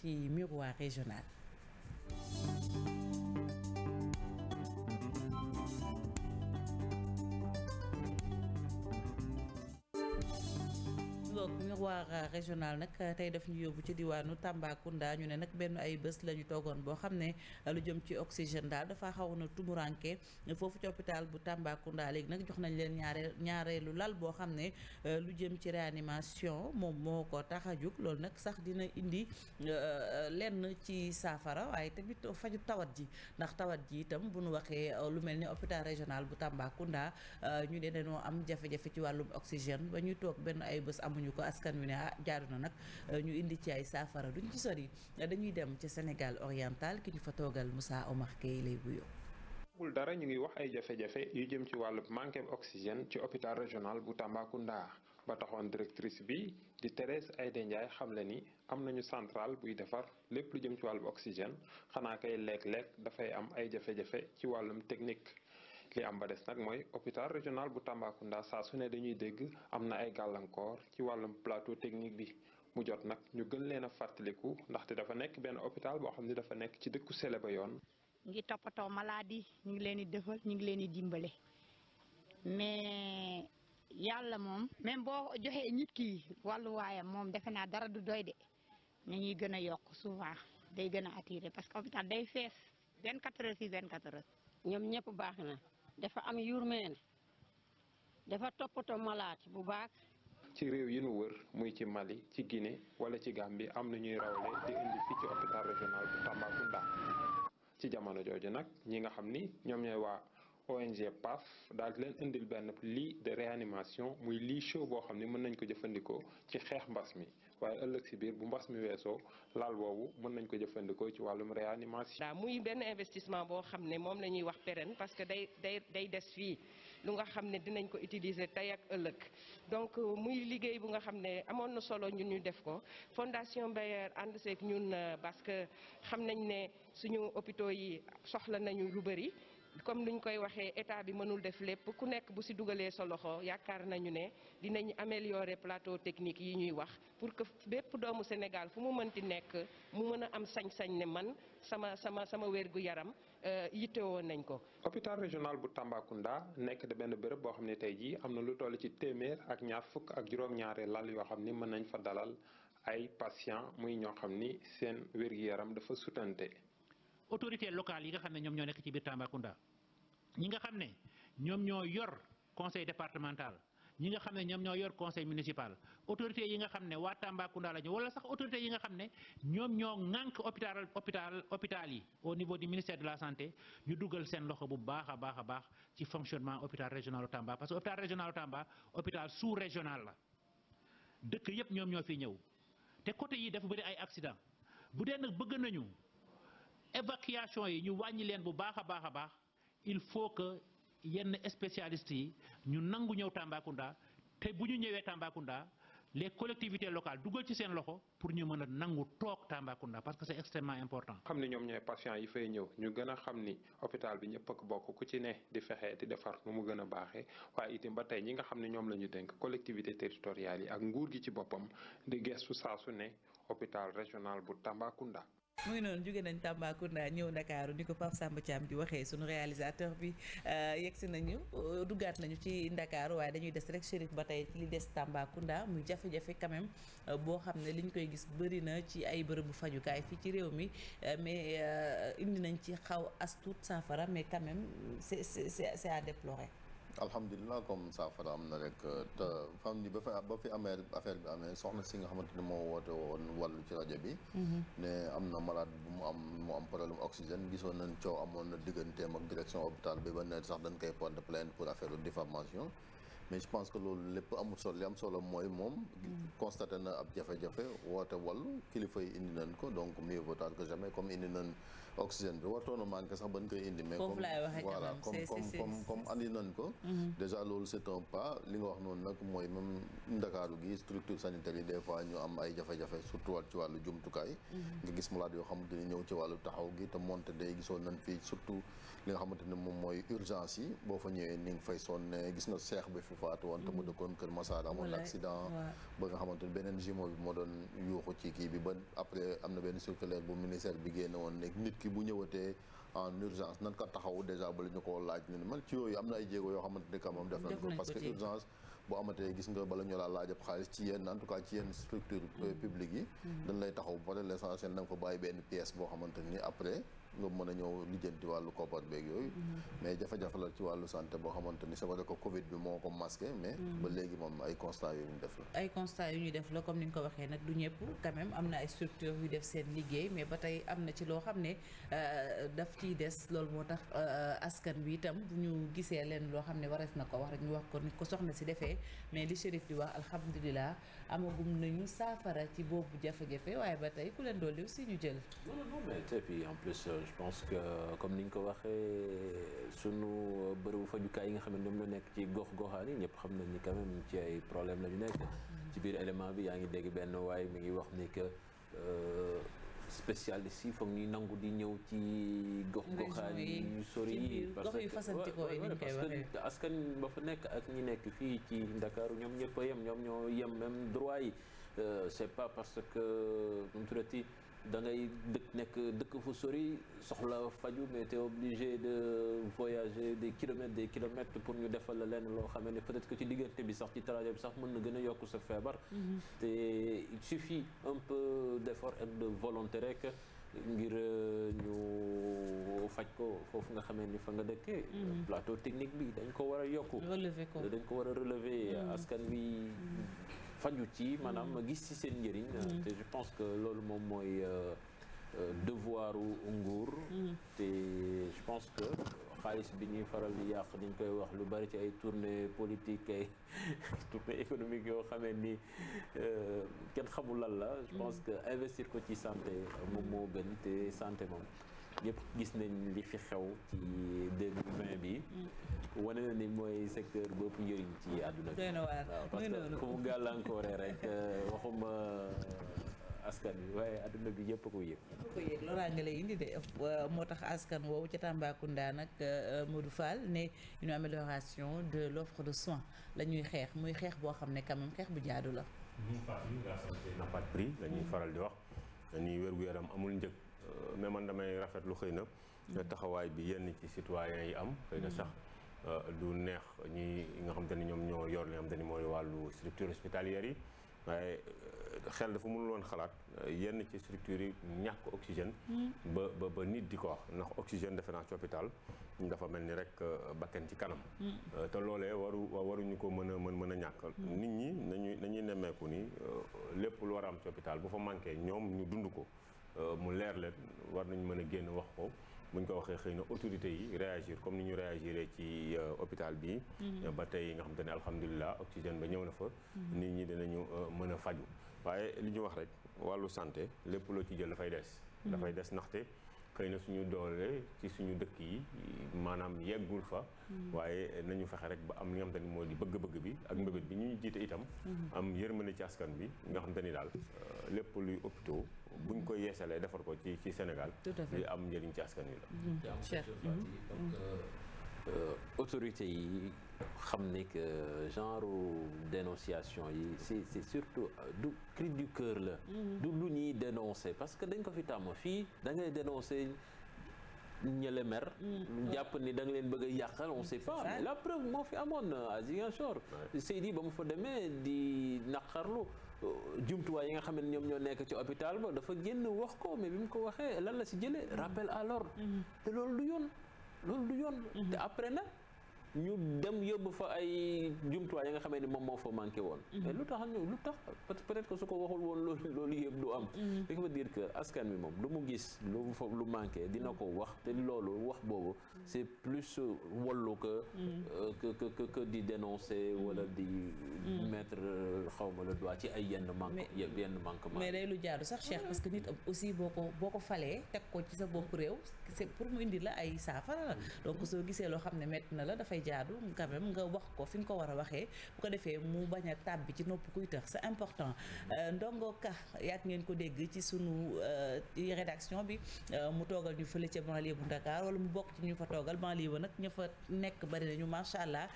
ci miroir régional topp miroir euh, régional nag euh, tey daf ñu yóbbu ci diwaanu Tambacounda ñu ne nag benn ay bés la ñu toogoon boo xam ne euh, lu jëm ci oxygène daal dafa xawoon a tumuranke foofu ci bu Tambacounda léegi nag jox nañ leen ñaare ñaareelu lal boo xam ne lu jëm ci réanimation moom moo ko tax loolu nag sax dina indi lenn ci saafara waaye tamit faju tawat ji ndax tawat ji itam bu nu waxee lu mel ni hôpital régional bu Tambacounda ñu ne dañoo am jafe-jafe ci wàllum oxygène ba ñuy toog benn ay bës amuñu ko askan wi ne ah jaaru na nag euh, ñu indi ci ay saafara duñ ci sori dañuy dem ca Sénégal oriental ki ñu fa toogal Moussa Omar lay buyo bul dara ñu ngi wax ay jafe-jafe yu jëm ci wàllu manqué oxygène ci hôpital régional bu Tambacounda ba taxoon directrice bi di Thérèse Aïda Ndiaye xam le ni am nañu centrale buy defar lépp lu jëm ci wàllu oxygène xanaa kay léeg-léeg dafay am ay jafe-jafe ci wàllum technique li am ba des nag mooy hôpital régional bu Tambacounda saa su ne dañuy dégg am na ay gàllankoor ci wàllum plateau technique bi mu jot nag ñu gën leen a fàttaliku ndaxte dafa nekk benn hôpital boo xam ne dafa nekk ci dëkku sele ba yoon. ñu ngi toppatoo maladie ñu ngi leen di defal ñu ngi leen di dimbale mais yàlla moom même boo joxee nit ki wàlluwaayam moom defe naa dara du doy de ñu ñuy gën a yokk souvent day gën a attiré parce que hôpital day fees 24 heures si 24 heures. ñoom ñëpp baax na. dafa am yurmeen dafa toppatoo malaat bu baax. ci réew yi nu wër muy ci Mali ci Guinée wala ci bi am na ñuy rawale di indi fii ci hôpital régional bu Tambacounda ci jamono jooju nag ñi nga xam ni ñoom ñooy waa. ONG PAF daal di leen indil benn lit de réanimation muy lit chaud boo xam ne mën nañ ko jëfandikoo ci xeex mbas mi waaye ëllëg si biir bu mbas mi weesoo laal boobu mën nañ ko jëfandikoo ci wàllum réanimation. waaw muy benn investissement boo xam ne moom la ñuy wax pérenne parce que day day day des fii lu nga xam ne dinañ ko utiliser tey ak ëllëg donc euh, muy liggéey bu nga xam ne amoon na solo ñun ñu def ko fondation Bayer ànd seeg ñun euh, parce que xam nañ ne suñu hôpitaux yi soxla nañu lu bëri. comme ñu koy waxee état bi mënul def lépp ku nekk bu ci dugalee sa loxo yaakaar nañu ne dinañ améliorer plateau technique yi ñuy wax pour que bépp doomu Sénégal fu mu mënti nekk mu mën a am sañ-sañ ne man sama sama sama wérgu yaram euh, yittewoo nañ ko. hôpital régional bu Tambacounda nekk de benn béréb boo xam ne tey jii am na lu toll ci téeméer ak ñaar fukk ak juróom-ñaari lal yoo xam ni mën nañ fa dalal ay patient muy ñoo xam ni seen wérgu yaram dafa sutante. autorité locales yi nga xam ne ñoom ñoo nekk ci biir ñi nga xam ne ñoom ñoo yor conseil départemental ñi nga xam ne ñoom ñoo yor conseil municipal autorités yi nga xam ne waa Tambacounda la wala sax autorités yi nga xam ne ñoom ñoo ŋànk hôpital hôpital hôpital yi au niveau du ministère de la santé ñu dugal seen loxo bu baax a baax a baax ci fonctionnement hôpital régional Tamba parce que hôpital régional Tamba hôpital sous régional la dëkk yépp ñoom ñoo fi ñëw te côté yi dafa bëri ay accident bu dee nag bëgg nañu. évacuation yi ñu wàññi leen bu baax a baax a baax il faut que yenn spécialistes yi ñu nangu ñëw Tambacounda te bu ñu ñëwee Tambacounda les collectivité locales dugal ci seen loxo pour ñu mën a nangu toog Tambacounda parce que c'est extrêmement important. xam ni ñoom ñooy patients yi fay ñëw ñu gën a xam ni hôpital bi ñëpp ak bokk ku ci ne di fexe di defar mu gën a baaxee waaye itam ba tey ñi nga xam ne ñoom la ñu dénk collectivités territoriales yi ak nguur gi ci boppam di gestu saa su ne hôpital régional bu Tambacounda. mu ngi noonu jóge nañ Tambacounda ñëw Ndakaaru ni ko Pape Samba Thiam di waxee sunu réalisateur bi euh, yegsi nañu euh, duggaat nañu ci Ndakaaru waaye dañuy des rek Chérif ba tey li des Tambacounda mu jafe-jafe quand euh, boo xam ne liñ koy gis bëri na ci ay bërëbu fajukaay fii ci réew mi mais indi nañ ci xaw as tuut saafara mais quand même c'est c'est à déplorer. alhamdulilah comme saafara am na rek te fam ni ba fi amee affaire bi amee soxna si nga xamante ne moo woote woon wàllu ci rajo bi mhm. ne am na malade bu mu am mu am problème oxygène gisoon nañ coow amoon na digganteem ak direction hôpital bi ba ne sax dañ koy porter plainte pour affaire diffamation mais je pense que loolu lépp amul solo li am solo mooy moom. constaté na ab jafe-jafe woote wàllu kilifa yi indi nañ ko donc mieux vaut tard que jamais comme indi nañ oxygène bi wartoon na manqué sax ba ñu koy indi. mais comme voilà comme comme comme ko. Mhm. loolu c'est un li nga wax noonu nag mooy même Ndakaaru gi structure sanitaire yi des fois ñu am ay jafe-jafe surtout ci wàllu jumtukaay. Mhm. nga gis malade yoo xam xamante ni ñëw ci wàllu taxaw gi te monte day gisoon nañ fii surtout li nga xamante ni moom mooy urgence yi boo fa ñëwee ni nga fay sonn gis nga seex faatu woon te mu mm. dëkkoon Kër Massar amoon accident ba nga xamante beneen jumeau bi moo doon yuuxu ci kii bi ba après am na benn circulaire bu ministère bi génne woon ne nit ki bu ñëwatee en urgence nan ko taxaw déjà ba la ñu ko laaj ne man ci yooyu am na ay jéego yoo xamante ni quand même def nañ ko parce que urgence bu amatee gis nga bala laa laaj ab xaalis ci yenn en tout cas ci yenn structure mm. euh, publique yi mm. dañ lay taxaw ba pare l'essentiel na nga fa bàyyi benn pièce boo xamante ni après nga yooyu mais jafe-jafe la ci wàllu santé boo xamante ni c'est vrai que Covid bi moo ko masqué. mais mm. ba léegi moom ay constat yu ñu def la. ay constat yu ñu def la comme ni nga ko waxee nag du ñëpp quand même am na def seen liggéey mais ba tey am na ci loo xam ne euh, daf ciy des loolu moo tax euh, askan wi itam bu ñu gisee leen loo xam ne wareef na ko wax rek ñu wax ko ni ko soxna si defee mais li Chérif di wax alhamdulilah amagum nañu saafara ci boobu jafe-jafe ba tey ku leen doole aussi jël. non non mais euh, comme ni nga ko waxee. sunu euh, bërëbu fajukaay yi nga xam ne ñoom nekk ci gox goxaan yi ñëpp xam nañ ni quand même ci ay problème la ñu nekk mm-hmm. ci biir élément bi yaa ngi dégg benn waaye mi ngi wax ni que euh, spécialiste yi foog ñuy nangu di ñëw ci gox goxaan yu sori yi parce que askan ba fa nekk ak ñi nekk fii ci Ndakaaru ñoom ñëpp yem ñoom ñoo yem même droit yi euh, c'est pas parce que mu tuddati da ngay dëkk nekk dëkk fu sori soxla faju mais t'es obligé de voyager des kilomètres de kilomètres pour ñu defal la lenn loo xamee ne peut-être que ci diggante bi sax ci trajet bi sax mën na gën a yokk sa feebar mm-hmm. te il suffit un peu d'effort et de volonté rek ngir euh, ñu faj ko foofu nga xamee ni fa nga dëkkee mm-hmm. plateau technique bi dañ ko war a yokku dañ ko war a relever mm-hmm. askan wi faju ci maanaam mm. gis ci seen njëriñ mm. te je pense que loolu moom mooy euh, euh, devoir u nguur mm. te je pense que xaalis bi ñuy faral di yàq dañ koy wax lu bari ci ay tournée politique ay tournée économique yoo xamee ni euh, kenn xamul lan la je pense que investir ko ci santé moom moo gën te santé moom ñëpp gis nañ li fi xew ci 2020 bi mm. wane na ni mooy secteur bëpp njëriñ ci àdduna bi waaw parce que ku mu gàllankoore euh, waxuma euh, askan bi waaye àdduna bi yëpp ko yëg ko loolaa nga lay indi de euh, moo tax askan woowu ca Tambacounda nag Modou Fall ne une amélioration de l'offre de soins la ñuy xeex muy xeex boo xam ne quand xeex bu jaadu la. lañuy faral di wax dañuy wér-gu-yaram amul njëg. mais man damay rafetlu xëy na taxawaay bi yenn ci citoyen yi am xëy na mm-hmm. sax euh, du neex ñu nga xam te ni ñoom ñoo yor li nga xam te ni mooy wàllu structure hospitalière yi waaye euh, xel dafa mënul woon xalaat euh, yenn ci structures yi ñàkk oxygène mm-hmm. ba ba ba nit di ko wax ndax oxygène defe naa ci hôpital dafa mel ni rek bakken ci kanam mm-hmm. te loolee waru waruñu ko mën a mën mën a ñàkk nit ñi nañuy nañuy nemmeeku ni lépp lu war a am ci hôpital bu fa manqué ñoom ñu dund ko Euh, mu leer leer war nañ mën a génn wax ko buñ ko waxee xëy na autorités yi réagir comme ni ñu réagiré ci euh, hôpital bi mhm. ba tey nga xam te ne alhamdulilah oxygène ba ñëw na fa mhm. nit ñi dinañu euh, mën a faju waaye li ñu wax rek wàllu santé lépp loo ci jël dafay des mhm. dafay des ndaxte xëy na suñu doole ci suñu dëkk yi maanaam yeggul fa mm-hmm. waaye nañu fexe rek ba am li nga xamante ni moo di bëgg-bëgg bi ak mbébét bi ñuy jiite itam mm-hmm. am yërmande ci askan bi nga xamante ni daal euh, lépp luy hôpitaux buñ ko yeesalee defar ko ci ci Sénégal li am njëriñ ci askan yi la mm-hmm. Euh, autorités yi xam ne que euh, genre dénonciation yi c'est surtout euh, du cri du cœur la mhm. du lu ñuy dénoncer parce que dañ ko fi tàmm fii dangay ngay dénoncer ñële mer mhm. jàpp ni da leen bëgg a yàqal on sait pas la preuve moo fi amoon à Ziguinchor Seydi ba mu fa demee di naqarlu jumtuwaay yi nga xam ne ñoom ñoo nekk ci hôpital ba dafa génn wax ko mais bi mu ko waxee lan la si jëlee mhm. rappel à te loolu du yoon loolu du yoon. Mhm. te après na ñu dem yóbbu fa ay jumtuwaay yi nga xamee ni moom moo fa manqué woon. Mhm. mais lu tax ñu lu tax peut-être que su ko waxul woon loolu loolu yëpp du am. Mhm. ce qui dire que askan mi moom lu mu gis lu fa lu manqué dina ko wax te loolu wax boobu c'est plus wallu que euh, que que que di dénoncer wala di. mettre euh, xaw ma le doigt ci ay yenn manque yenn manquement mais day lu jaadu sax Cheikh parce que nit aussi boo ko boo ko falee teg ko ci sa bopp réew c'est pour mu indi la ay saafara la donc soo gisee loo xam ne métti na la dafay jaadu quand nga wax ko fi nga ko war a waxee bu ko defee mu bañ a bi ci nopp kuy tëx c'est important euh, ndongo ka yaag ngeen ko dégg ci sunu euh, rédaction bi mu toogal ñu fële ca banlieue bu Dakar wala mu bokk ci ñu fa toogal banlieue ba nag ña fa nekk bari nañu macha allah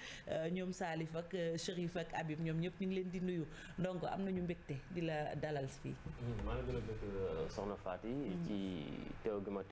ñoom Salif ak Chérif ak Habib ñoom ñëpp ñu ngi leen di nuyu donc am nañu mbégte di la dalal fii. Mm, maa ngi gën a bëgg euh, mm. ci teew gi ma